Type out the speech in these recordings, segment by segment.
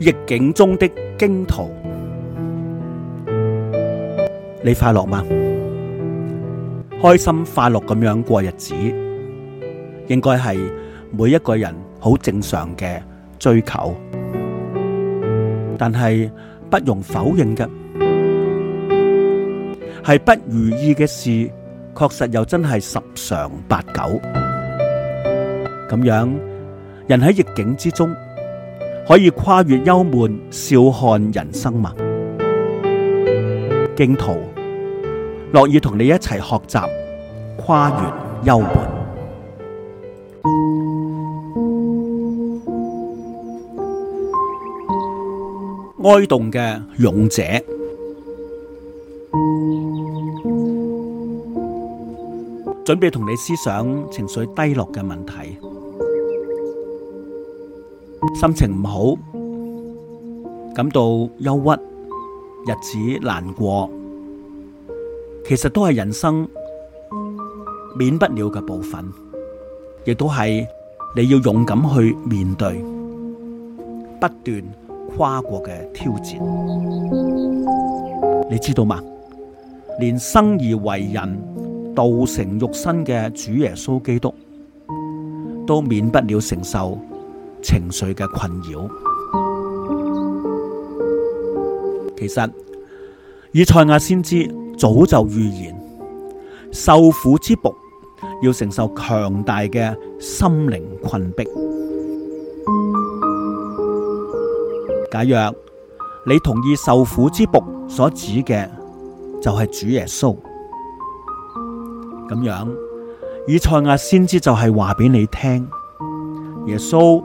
逆境中的荊徒，你快樂嗎？開心快樂咁樣過日子，應該係每一個人好正常嘅追求。但係不容否認嘅，係不如意嘅事，確實又真係十常八九。咁樣，人喺逆境之中。可以跨越幽悶，笑看人生物。荊徒樂意同你一齊學習跨越幽悶。哀慟嘅勇者，準備同你思想情緒低落嘅問題。心情唔好，感到憂鬱，日子難過，其實都係人生免不了嘅部分，亦都係你要勇敢去面對不斷跨過嘅挑戰。你知道嗎？連生而為人、道成肉身嘅主耶穌基督，都免不了承受。情緒嘅困擾，其實以賽亞先知早就預言受苦之僕要承受強大嘅心靈困迫。假若你同意受苦之僕所指嘅就係、是、主耶穌，咁樣以賽亞先知就係話俾你聽耶穌。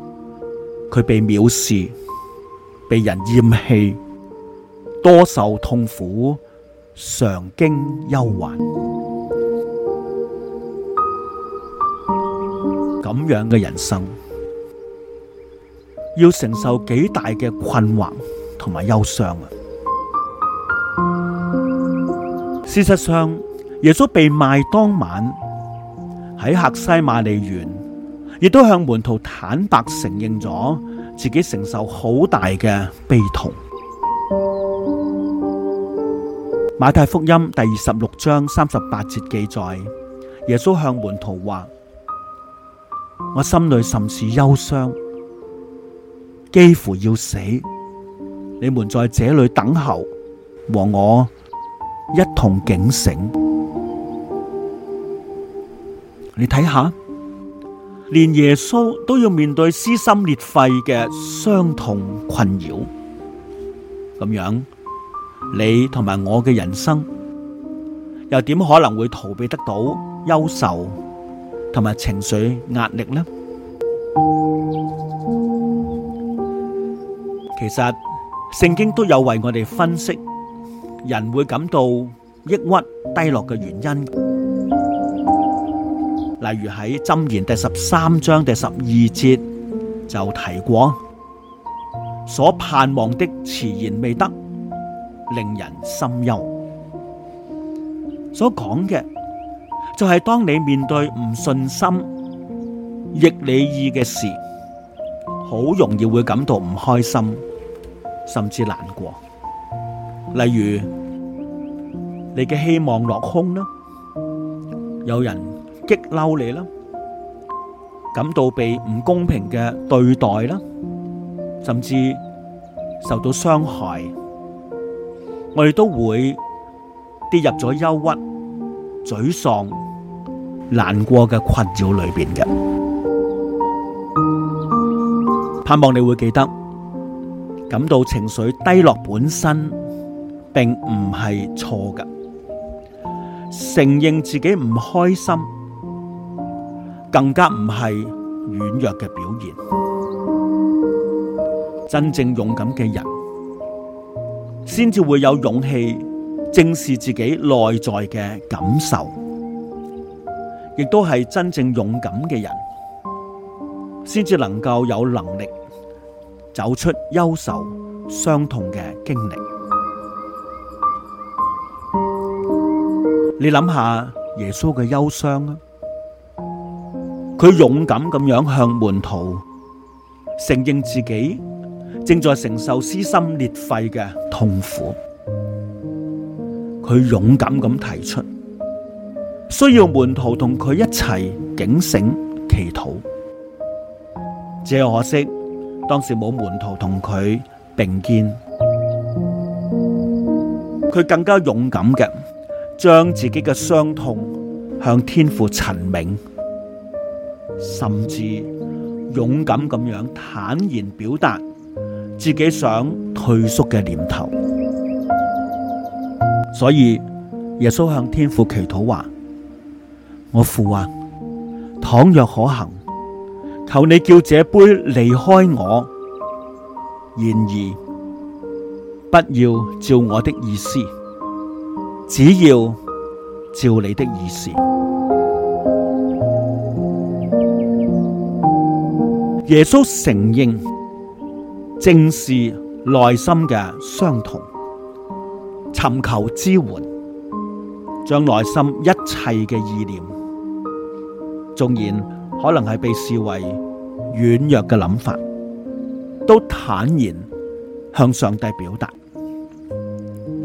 佢被藐視，被人厭棄，多受痛苦，常經憂患，咁樣嘅人生要承受幾大嘅困惑同埋憂傷啊！事實上，耶穌被賣當晚喺客西馬尼園。亦都向門徒坦白承認咗自己承受好大嘅悲痛。馬太福音第二十六章三十八節記載，耶穌向門徒話：我心裏甚是憂傷，幾乎要死。你們在這裏等候，和我一同警醒。你睇下。連耶穌都要面對撕心裂肺嘅傷痛困擾，咁樣你同埋我嘅人生又點可能會逃避得到憂愁同埋情緒壓力呢？其實聖經都有為我哋分析，人會感到抑鬱低落嘅原因。例如喺《箴言》第十三章第十二節就提過，所盼望的遲延未得，令人心憂。所講嘅就係、是、當你面對唔信心逆你意嘅事，好容易會感到唔開心，甚至難過。例如你嘅希望落空啦，有人激嬲你啦，感到被唔公平嘅對待啦，甚至受到傷害，我哋都會跌入咗憂鬱、沮喪、難過嘅困擾裏邊嘅。盼望你會記得，感到情緒低落本身並唔係錯㗎，承認自己唔開心。更加唔係軟弱嘅表現，真正勇敢嘅人，先至會有勇氣正視自己內在嘅感受，亦都係真正勇敢嘅人，先至能夠有能力走出憂愁、傷痛嘅經歷。你諗下耶穌嘅憂傷啊！佢勇敢咁樣向門徒承認自己正在承受撕心裂肺嘅痛苦。佢勇敢咁提出需要門徒同佢一齊警醒祈禱。只係可惜當時冇門徒同佢並肩。佢更加勇敢嘅將自己嘅傷痛向天父陳明。甚至勇敢咁樣坦然表達自己想退縮嘅念頭，所以耶穌向天父祈禱話：我父啊，倘若可行，求你叫這杯離開我；然而不要照我的意思，只要照你的意思。耶穌承認，正視內心嘅傷痛，尋求支援，將內心一切嘅意念，縱然可能係被視為軟弱嘅諗法，都坦然向上帝表達。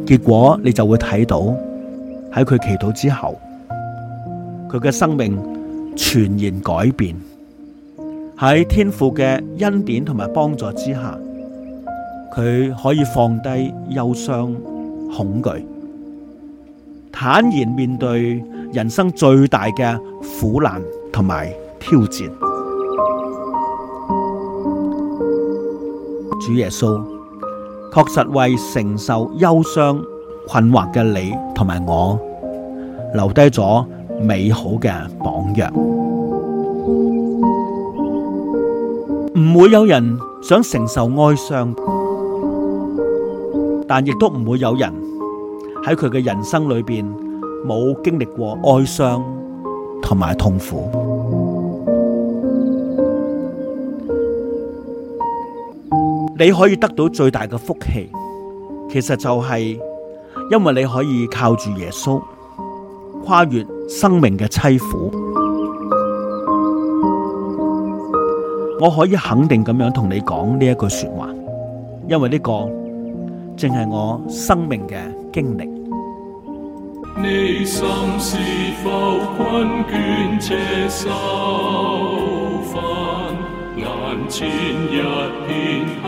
結果你就會睇到，喺佢祈禱之後，佢嘅生命全然改變。喺天父嘅恩典同埋幫助之下，佢可以放低憂傷、恐懼，坦然面對人生最大嘅苦難同埋挑戰。主耶穌確實為承受憂傷困惑嘅你同埋我，留低咗美好嘅榜樣。唔會有人想承受哀傷，但亦都唔會有人喺佢嘅人生裏邊冇經歷過哀傷同埋痛苦。你可以得到最大嘅福氣，其實就係因為你可以靠住耶穌跨越生命嘅淒苦。我可以肯定咁樣同你講呢一句說話，因為呢個正係我生命嘅經歷。